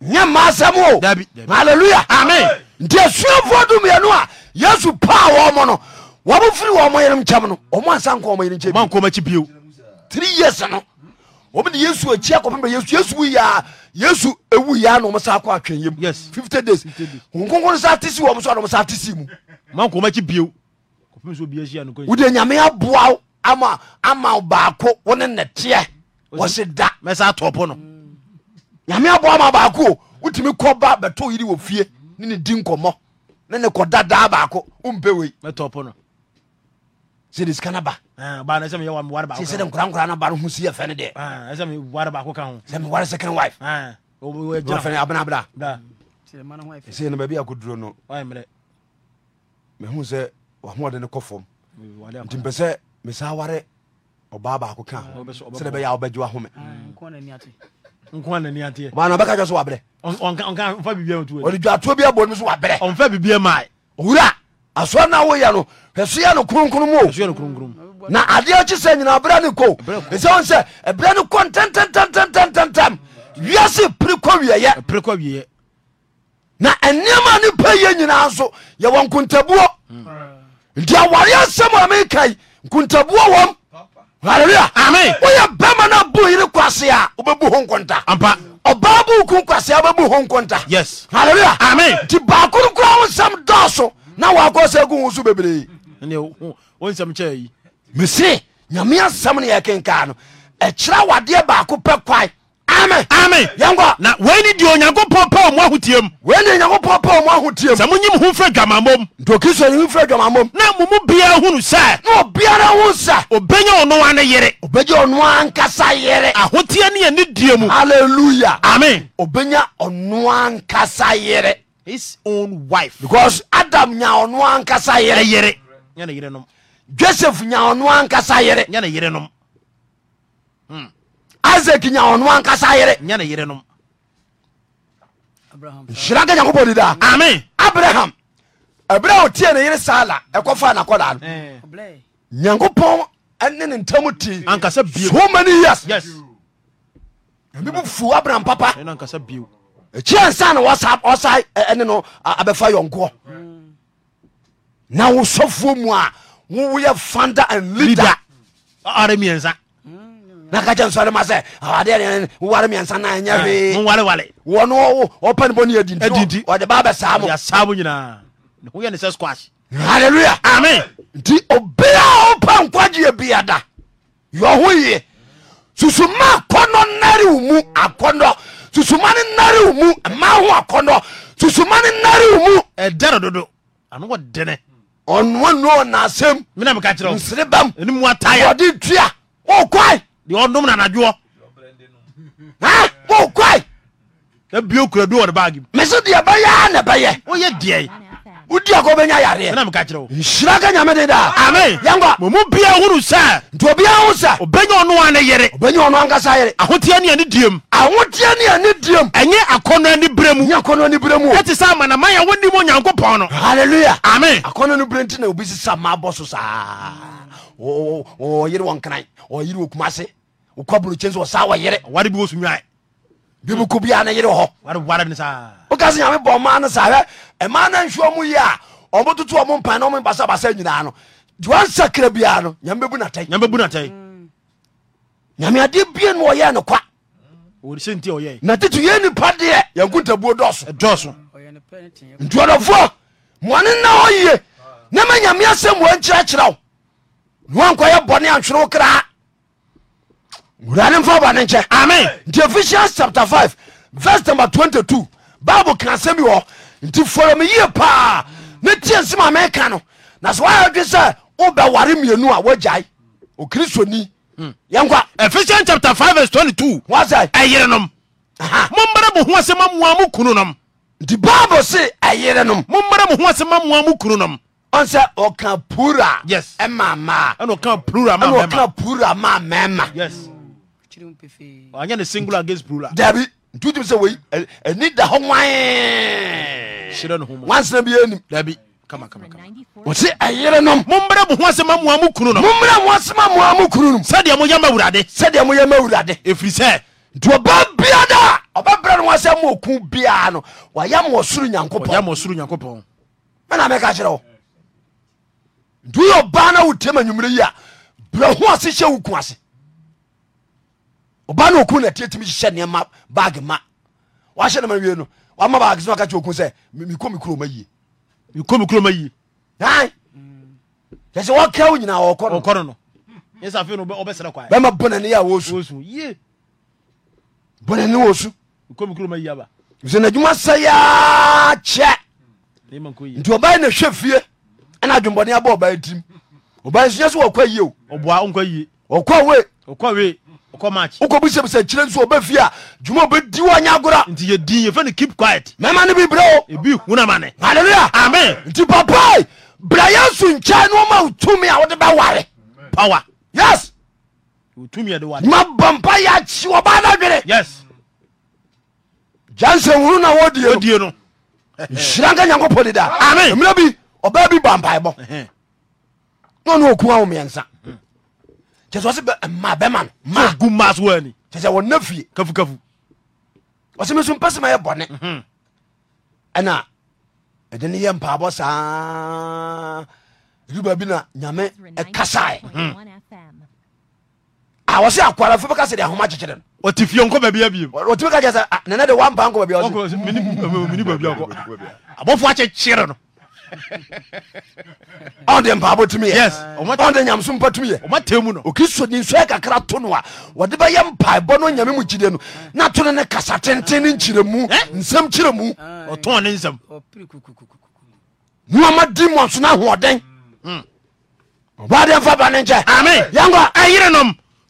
nyɛ mmaa asɛm o halleluya amen nti asuafoɔ dumiɛno a yesu paa wɔ mo no wɔmo firi wɔ mo yenem kyɛm no ɔmo ansa nkɔ ɔmo yenem kyɛm nkɔmakyi bio three years no ni yesu akyi akɔpem bɛ yesu yesu wu yia yesu ewu ya na wɔn sa akɔ atwɛn yam yes fifty days nkonkon sa ti si wɔn so a wɔn sa ti si mu. maa nkɔmɔ akyi biew kɔpem so bia si ano ama ama baako wɔne nɛteɛ wɔsi da. mɛsa atɔ pɔ no. nyame ama baako wotumi ba bɛtɔ yiri wɔ fie ne ne di nkɔmɔ ne ne kɔda daa baako o mpɛ wei. mɛtɔ pɔ no. sɛ Eh, bana sɛ mi ware baako sɛ de nkora nkora na ba no ho si yɛ fɛ ne deɛ eh, sɛ me ware baako ka ho sɛ me ware second wife fɛne abenabda ɛsɛ no baabi akoduro e no mehu sɛ wahoɔde ne kɔ fam nti mpɛ sɛ mesaa ware ɔbaa baako ka ho sɛde bɛyɛ a wobɛgye wahome nkoanani ateɛ bana ɔbɛka dwa so wabrɛ ɔde dwatoɔ bi abɔ no so wabrɛ ɔmfa bibia ma owura asɔre no woyɛ no hwɛsoyɛ no kronkrom mm, o nadeɛ ci sɛ nyina beranekɛɛ ran knm iase prek wiyɛ na ɛneɛma nipa ye nyina so yɛwnkunawaresɛm aka nktabu woyɛ bamanobu yer kwasea wobɛbukontaabok kwasa wbbu tati bakorra nsɛobr mese nyame asɛm no yɛkenka no ɛkyerɛ wadeɛ baako pɛ kwae na deɛ onyankopɔn pɛ mo ahotiam weine onyankopɔn pɛ mo sɛ monyim ho mfrɛ dwamammom mfrɛ dwamammom na biara hunu sɛ na obiara ho sɛ obɛnya ɔnoa ne yere obɛnya ɔnoa nkasa yere ahoteɛ ne yɛne mu obɛnya ɔnoa nkasa yere his own wife because adam nya ɔnoa nkasa yere yere joseph nya ɔnoa yere yereyerenom hmm. isak nya ɔnoa nkasa yereyerenom nhyira nka nyankopɔn dida ame abraham ɛberɛ a ɔtie ne yere saala ɛkɔfa nakɔda no eh. nyankopɔn ɛne ne ntam ti ankasa bio so many years Yes. bo fu abraham papa ɛkyi ansa na ɔsae ɛne no abɛfa yɔnkoɔ hmm. na wo sɔfoɔ mu a wowoyɛ founder and leader ɔre ah, miɛnsa na ka kyɛ nsɔre ma sɛ ah, adeɛ woware miɛnsa na ɛnyɛ hwee wɔno ɔpɛ ne bɔ ne yɛdinti ɔde ba bɛsaa mo saa mo nyinaa woyɛ ne sɛ squash halleluya amen nti obia wopɛ nkwagyeɛ bia da yɛho yie susuma akɔnnɔ nare wo mu akɔnnɔ susuma ne nare wo mu ma ho akɔnnɔ susuma ne nare wo mu ɛdɛre dodo ano wɔdene ɔnoa nu ɔnasɛm mena meka kyerɛ nsere bam ɛnimu ataya ɔde tua wokwae deɛ ɔdom na anadwoɔ wokwae na bio kura du wɔde baagi mu mese deɛ bɛyɛ a na bɛyɛ woyɛ deɛ wodi akɔ bɛnya yareɛ nhyira ka nyame de daa bia hunu sɛ nti obiaa ho sɛ ɔbɛnya ɔno ne yere ɔbɛnya ɔno ankasa yere ahoteɛ ne ane diem ahoteɛ ne ane diem ɛnyɛ akɔnnɔ ani berɛ mu nyɛ akɔnnɔ ani mu ɛte sɛ amanamaya wonim onyankopɔn no halleluya ame akɔnnɔ no berɛ nti na obi sesa ma so saa ɔyere wɔ nkran ɔyere wokɔ borokyen sɛ ɔsaa wɔyere ware bi wɔ so nwae bibi ko bia ne yere hɔ woka nyame bɔ ma no saa ɛma no nhwɛ mu yi a ɔmototo ɔmo mpa na ɔmo basabasa nyinaa no wansakra biara no nyame bɛbu natɛ nyame bɛbu natɛ mm. nyame adeɛ bie no ɔyɛ no kwa na tete yɛ nipa deɛ yɛnko ntabuo dɔso dɔso ntuadɔfoɔ moane na ɔyie na ma nyame asɛ moa nkyerɛkyerɛ wo na wankɔyɛ bɔne antwere wo kraa wurade mfa bɔne nkyɛ amen nti chapter five, verse number twenty two. bible ka asɛm bi wɔ nti foro meyie paa metie nsema meka no na sɛ woayɛ dwe sɛ wobɛware mmienu a wogyae okristoni hmm. yɛnkwa ephesians chapter five verse 22 wasɛ ɛyerenom mommara mo ho asɛm amoa mo kunu nom nti bible se ɛyerenom mommara mo ho asɛm amoa mo kunu nom ɔnsɛ ɔka pura yes ɛma maa ɛna ɔka pura ma mɛma ɛna ɔka pura ma mɛma yes ɔanyɛ ne singular against plural dabi nti wotim sɛ wei ani da hɔ wawansena bianim ɔse ɛyere nom mombrɛ mo ho asɛm amoa mo kunu nomombrɛ mo asɛm amoa mo kunu nom sɛdeɛ moyɛ ma awurade sɛdeɛ moyɛ ma awurade ɛfiri sɛ nti ɔba bia da ɔbɛbrɛ no wasɛ ma ɔku biaa no wayɛ ma ɔsoro nyankopɔnɔsoro nyankopɔn mɛna mɛka kyerɛ wo nti woyɛ ɔba no wotiam anwumerɛ yi a brɛ ho ase hyɛ wo ku ase ɔba na oku na tiatimi hyehyɛ nneɛma bag ma wahyɛ nama wie no wama bag so waka kyɛ oku sɛ mekɔ me kuroma yie mekɔ me kuroma yie kyɛ sɛ wɔkra wo nyinaa wɔkɔ no bɛma bonane yɛ a wɔsu bonane wɔsu sɛ n'adwuma sɛ yɛa kyɛ nti ɔbaɛ na hwɛ fie ɛna adwombɔne abɔ ɔbaɛ tim ɔbaɛ nso nyɛ sɛ wɔkɔ yie o ɔkɔ we wokɔbisɛm sɛ kyerɛ nso ɔbɛ fie a dwuma ɔbɛdi wɔ anya agora nti yɛ yɛfɛ no keep quiet mɛma no bi brɛ o ebi hunama ne halleluya amen nti papai bra yɛsu nkyɛn no ɔma wotumi a wode bɛware power yes mabɔ mpa yɛakyi wɔba no adwene yes gyansɛ huru na wɔdie no nhyira nka nyankopɔn deda amen mmerɛ bi ɔbaa bi ba mpaebɔ na ɔne ɔku awomiɛnsa ma bɛma nogu mas wani sɛ wɔna fie kafukafu ɔsɛ meso mpɛ sɛ mayɛ bɔne ɛna ɛde ne yɛ mpaabɔ saa ɛduba bi na nyame ɛkasaɛ a wɔ sɛ akwara fo bɛka sɛ de ahoma kyekyere no ɔte fie nkɔ baabi abiem ɔtumi ka kyɛ sɛ nɛnɛ de wampa nkɔ baabi abɔfoɔ akyekyere no ɔde mpabɔ tumi yɛ ɔde nyamesom pa tumi yɛ okristo ni nsɔɛ kakra to no a wɔde bɛyɛ mpaebɔ no nyame mu gyide no na to no ne kasa tenten ne nkyerɛ mu eh? nsɛm kyerɛ mu ɔtɔn ne nsɛm nuama di mmɔnso no ahoɔden hmm. ɔbɔdeɛ mfa ba ne nkyɛ yɛnkɔ ɛyere nom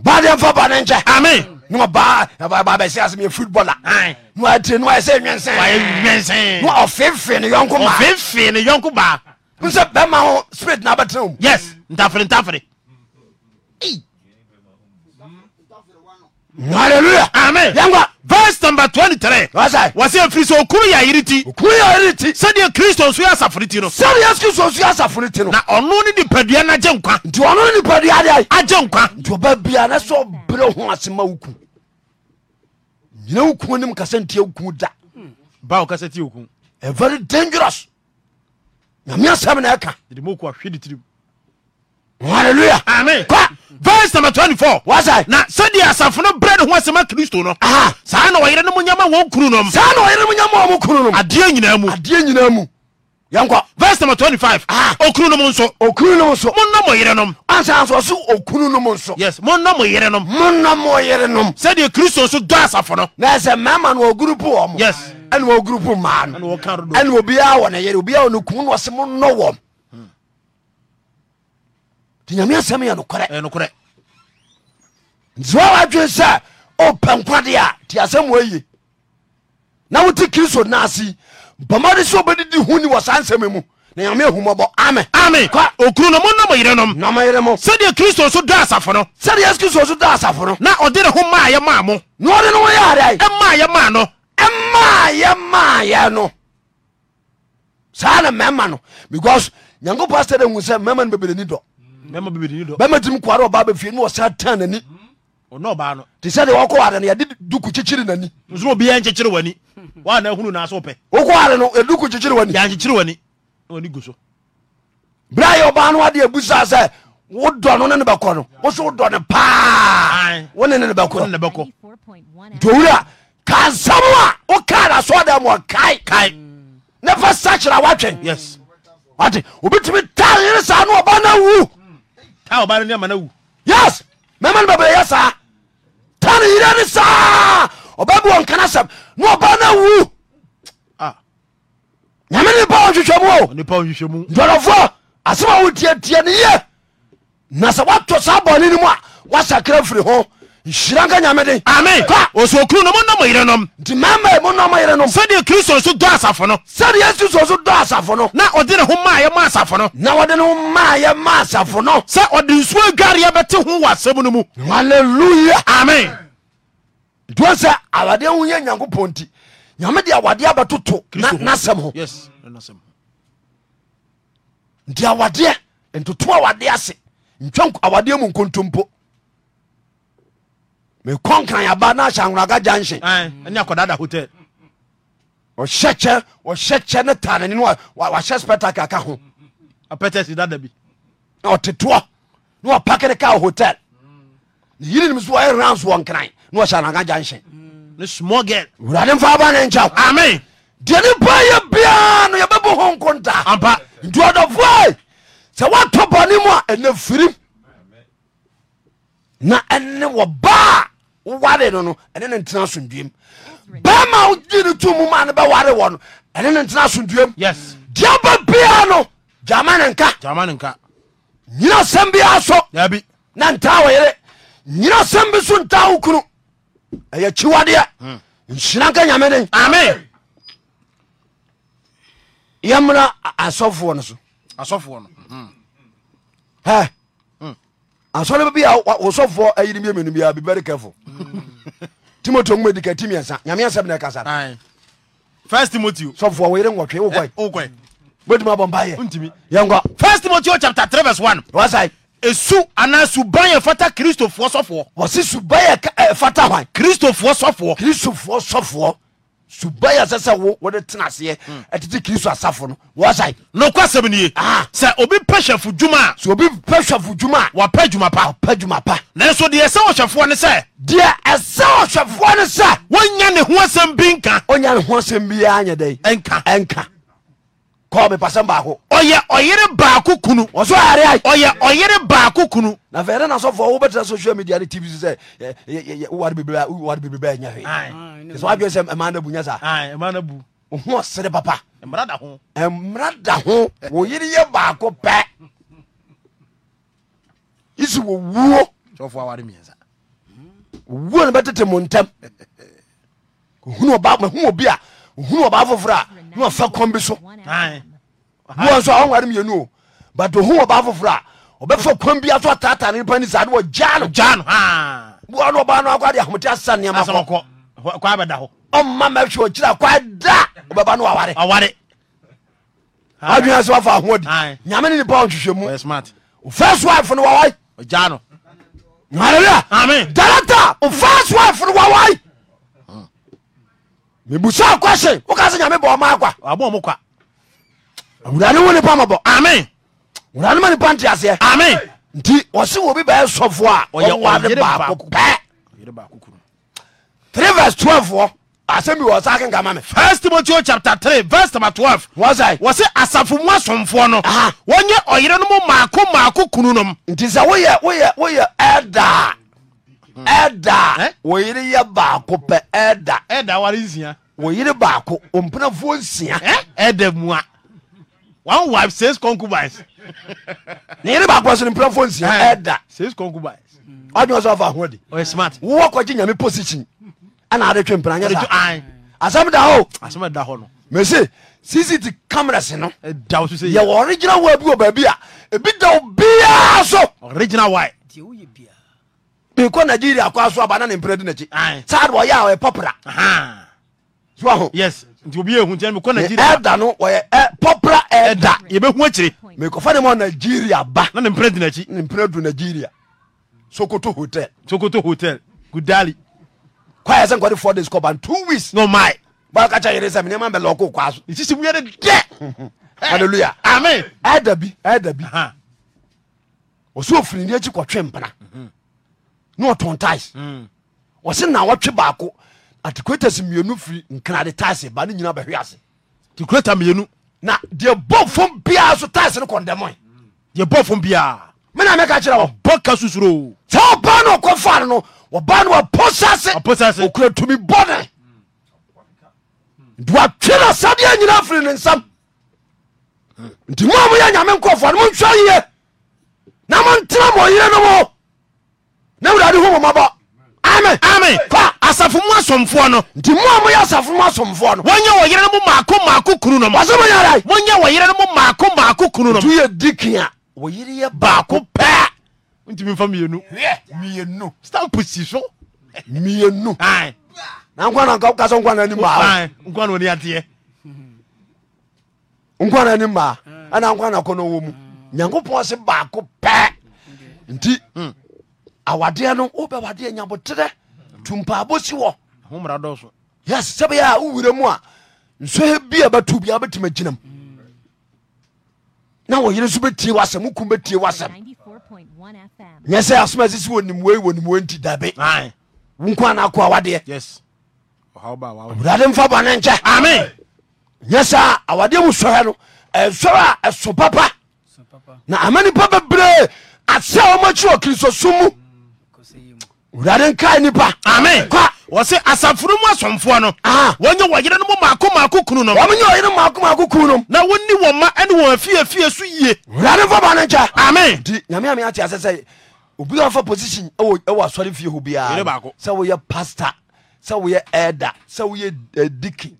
ọba de nfa ba ne nkyɛn. ami ne ɔba ɔba bɛsi asem yɛ footballer. ayi ne ne yɔnko ba. ɔfeefe ne yɔnko ba. n sɛ bɛɛ ho spirit na bɛ tẹn o. yes ntafere ntafere. hallelujah amen yangwa verse number 23 wasa wasa efiri sɛ okuru yɛ ayiri ti okuru yɛ ayiri ti sɛdeɛ kristo nso yɛ asafo ne ti no sɛdeɛ yesu kristo nso yɛ ti no na ɔno ne nipadua no agye nkwa nti ɔno ne nipadua de agye nkwa nti ɔba bia na sɛ ɔbrɛ ho ase ma nyina woku anim kasɛ ntia woku da ba wokasɛ tie woku very dangerous nyame asɛm na ɛka de moku ahwɛ de tirim hallelujah amen kɔ verse number twenty four What's that? na sɛdeɛ asafo no brɛ ne ho asɛm a kristo no saa na ɔyere no mu nyama wɔn kunu nom saa na ɔyere mu nyama wɔn kunu nom adeɛ nyinaa mu adeɛ nyinaa mu yɛnkɔ verse number twenty five okunu nom nso okunu nom nso mo nnɔ mo yere nom ansa nso ɔso okunu nom nso yes mo nnɔ mo yere nom mo nnɔ mo yere nom sɛdeɛ kristo nso dɔ asafo no na ɛsɛ mmarima no ɔguru po wɔn yes ɛna ɔguru po mmaa no ɛna obiara wɔ ne yere obiara wɔ ne kun na ɔsɛ mo nnɔ wɔn nyame asɛm yɛ nokorɛ nti sɛ wawadwen sɛ opɛ nkwade a nti asɛm waye na wote kristo naase bamade sɛ obɛdidi ho ni wɔ saa nsɛm mu na nyame ahumɔbɔ ame ame okuru no mo nam yere nom nam yere mo sɛdeɛ kristo so dɔ asafo no sɛdeɛ yesu kristo so dɔ asafo no na ɔde ne ho maa yɛ maa mo na ɔde ne ho yɛ adeɛ ɛmaa yɛ maa no ɛmaa yɛ maa yɛ no saa na mɛma no because nyankopɔn asɛ dɛ hu sɛ mɛma no bebreni dɔ bɛma bebedini dɔ bɛma timi kware ɔba bɛfie ne ɔsa ta nani ɔnɔ ɔbaa no te sɛ de wɔkɔ are no yɛde duku kyekyere nani nsono obiɛ nkyekyere w'ani wana hunu naasɛ wopɛ wokɔ are no ɛduku kyekyere w'ani yɛnkyekyere w'ani na w'ani gu so berɛ a yɛ ɔbaa no ade abu saa sɛ wodɔ no ne ne bɛkɔ no wo so wodɔ no paa wo ne ne ne bɛkɔ nti owura ka nsɛm a wokaa da so ɔda mɔ kae kae ne fa sakyera woatwɛn wate obɛtumi ta yere saa no ɔba no wu a ɔba no nneɛma no awu yes mɛma no bɛbrɛ yɛ saa tane yerɛ ne saa ɔba bi wɔ nkana sɛm na ɔba no awu nyame ne nipa wɔnhwehwɛ mu o ntɔdɔfoɔ asɛm a wotiatia ne ye na sɛ woatɔ saa bɔne no mu a woasakra firi ho nhyira nka nyame den no monɔ mo nti mo kristo so dɔ asafo no sɛdeɛ yesu asafo na maa asafo na maa asafo sɛ ɔde nsuo adwareɛ bɛte ho asɛm no mu sɛ awadeɛ ho yɛ nyankopɔn nyame awadeɛ abɛtoto ho nti awadeɛ ntoto awadeɛ ase ntwa awadeɛ mu nkontompo mekɔ nkrayaba na ahyɛ ahoraga gya nhye ɔhyɛ kyɛ ne ta nani no wahyɛ spectacle ka ho na ɔtetoɔ na wapake ne ka hotel ne yiri nim so wɔyɛ rans wɔ nkran na wɔhyɛ ahoraga gya nhye wurade mfa ba ne nkyɛw amen deɛ ne biya yɛ biaa no yɛbɛbɔ ho nko nta nti ɔdɔfoɔ sɛ woatɔ bɔne mu a ɛnɛ firim na ɛne wɔ baa woware no no ɛne ne ntena asomdwam bɛma wogye no to mu ma no bɛware wɔ no ɛne ne ntena asomdwam deɛ ba bia no gyama ne nka nyina sɛm biaa so na ntaa wɔyere nyina sɛm bi so ntaa wo kunu ɛyɛ kyiwadeɛ hmm. nhyira nyame den amen yɛmmra asɔfoɔ no so asɔfoɔ no hmm asɔre bi a wosɔfoɔ ayi ni mienu bi a be very careful mm. timoteo ŋun bɛ di kɛ ti miɛnsa nyamia sɛbi na kasa. first timoteo. sɔfoɔ woyere ŋɔtwe o kɔye. Eh, o kɔye. gbẹdùmá bọ̀ nbà yẹ. ntumi. yẹn kọ. first timoteo chapter three verse one. wáṣáyé. esu ana suban yɛ fata kristofoɔ sɔfoɔ. wɔsi suban yɛ eh, fata hwan. kristofoɔ sɔfoɔ. kristofoɔ sɔfoɔ suba yɛ sɛ sɛ wo wode tena aseɛ hmm. ɛtete kristo asafo no wɔsae nokwasɛm nie ah. sɛ obi pɛ hwɛfo dwuma sɛ obi pɛ hwɛfo dwuma a wapɛ dwuma pa ɔpɛ dwuma pa nanso deɛ ɛsɛ ɔhwɛfoɔ ne sɛ deɛ ɛsɛ ɔhwɛfoɔ ne sɛ wonya ne ho asɛm bi nka ɔnya ne ho asɛm biaa nyɛ dɛn ɛnka ɛnka kɔɔ mepasɛm baako ɔyɛ ɔyere baako kunu ɔso are ɔyɛ ɔyere baako kunu na fɛɛrɛ na sɔfoɔ wobɛtena social media ne tv so sɛ woware bebre bɛɛ nyɛ hwee ɛsɛ wadwe sɛ ɛma no bu nya saa ohu ɔsere papa mmara da ho wo yere yɛ baako pɛ isi wɔwuo owuo no bɛtete mo ntam ohunu ɔba foforɔ a ne ɔfa kɔn bi so boɔ nso ɔnware mmienu o but ohu wɔ baa foforɔ a ɔbɛfa kɔn bi aso ataata ne nipa ni saa ne wɔgya no gya no boɔ no ɔbaa no akɔ ade ahomete asa nneɛma kɔ ɔma mɛhwɛ ɔkyiri a kwa da ɔbɛba no waware aware adwene sɛ wafa ahoɔdi nyame ne nipa ɔnhwehwɛ mu first wife no wawae ɔgya no hallelujah amen director first wife no wawae mebusa kwase woka se nyame bɔ ɔma kwa wabɔ mo kwa awurade wo nipa mabɔ amen awurade ma nipa nte aseɛ amen nti ɔse wɔ bi bɛyɛ sɔfoɔ a ɔyɛ wade baako pɛ 3 vs 12 wɔ asɛm bi wɔ sa kenka ma me first Timothy chapter three, verse number twelve. wɔsɛe wɔ se asafo mu asomfoɔ no wɔnyɛ ɔyere no mu maako maako kunu nom nti sɛ woyɛ woyɛ woyɛ ɛdaa ɛda wɔ yere yɛ baako pɛ ɛda ɛda ware nsia wɔ yere baako ɔmpenafoɔ nsia ɛda eh? mu one wife six concubines ne yere baako so no mpenafoɔ nsia ɛda eh? six concubines mm. ɔdwe sɛ ɔfa ahoɔde oh, ɔyɛ smart wowɔ kɔgye nyame position ana ade twe mpena nyɛ saa asɛm da hɔ asɛm da hɔ no mese cct cameras no yɛwɔ original wa bi wɔ baabi a ebi da wo biaa so original wa mekɔ nigeria kɔ so aba na ne mpra di n'akyi saa de ɔyɛ a ɔyɛ pɔpra soaho ɛda no ɔyɛ eh, pɔpra ɛda yɛbɛhu akyire mekɔfa ne ma nigeria ba na ne mpra di n'akyi ne mpra du nigeria sokoto hotel sokoto hotel gudali kɔyɛ sɛ nkɔde four days kɔban two weeks no mae baka kyɛ yere sɛ menema bɛlɛ ɔkɔ kwa so sisi wuyɛ de dɛ hallelujah amen ɛda bi ɛda bi ɔsɛ ofiriniakyi kɔtwe mpena na ɔtɔn tis mm. ɔse na wɔtwe baako antiquatus mmienu firi nkrade tis ba ne nyina bɛhwe ase antiquata mmienu na deɛ bɔ fom biara so tis no kɔndɛmɔ deɛ bɔ fom biara mena mɛka kyerɛ wɔ bɔ ka susuro sɛ ɔba no ɔkɔfa no no ɔba no ɔpɔ sase ɔkura tumi bɔne nti watwe no asadeɛ nyina firi ne nsam nti mo a moyɛ nyame nkɔfoɔ no monhwɛ yie na montena mɔ yere no mo na wurade ho wɔmɔbɔ amen amen fa asafo mu no nti mo a moyɛ asafo mu asomfoɔ no wɔnyɛ wɔ yere no mu maako maako kunu nom ɔsɛ monyɛ ara monyɛ wɔ yere no mu maako maako kunu nom tuyɛ dikin a wɔ yere yɛ baako pɛɛ ntumi mfa mmienu mmienu stamp si so mmienu na nkwa na nka sɛ nkwa na ni maa nkwa na oni adeɛ nkwa na ni maa ɛna nkwa na kɔ na mu nyankopɔn se baako pɛɛ nti hmm awadeɛ no wobɛwadeɛ nyaboterɛ tumpaabɔ si wɔ yes sɛ bɛyɛ a wowura mu a nsɔhɛ bi a bɛto biaa bɛtumi agyinam na wɔyere nso bɛtie wasɛm wokum bɛtie wasɛm nyɛ sɛ asom asisi wɔ nimwei wɔ nimwei nti dabe wonko anako awadeɛ wurade mfa bɔne nkyɛ ame nyɛ saa awadeɛ mu sɔhɛ no ɛsɔre a ɛso papa na ama nipa bebree asɛ ɔmakyi wɔ kristo so mu wurade nkae nipa ame wɔse asaforo mu asɔmfoɔ no ah. wɔnyɛ wɔyere no mu maako maako kunu nom wɔmenyɛ ɔyere maako maako kunu nom na wɔnni wɔ ma ne wɔn afiafie so yie wurade mfa ba no nkyɛ ame nti nyame ame ate asɛ sɛ obi a fa position ɛwɔ asɔre fie hɔ biara sɛ woyɛ pastor sɛ woyɛ elder sɛ woyɛ eh, dikin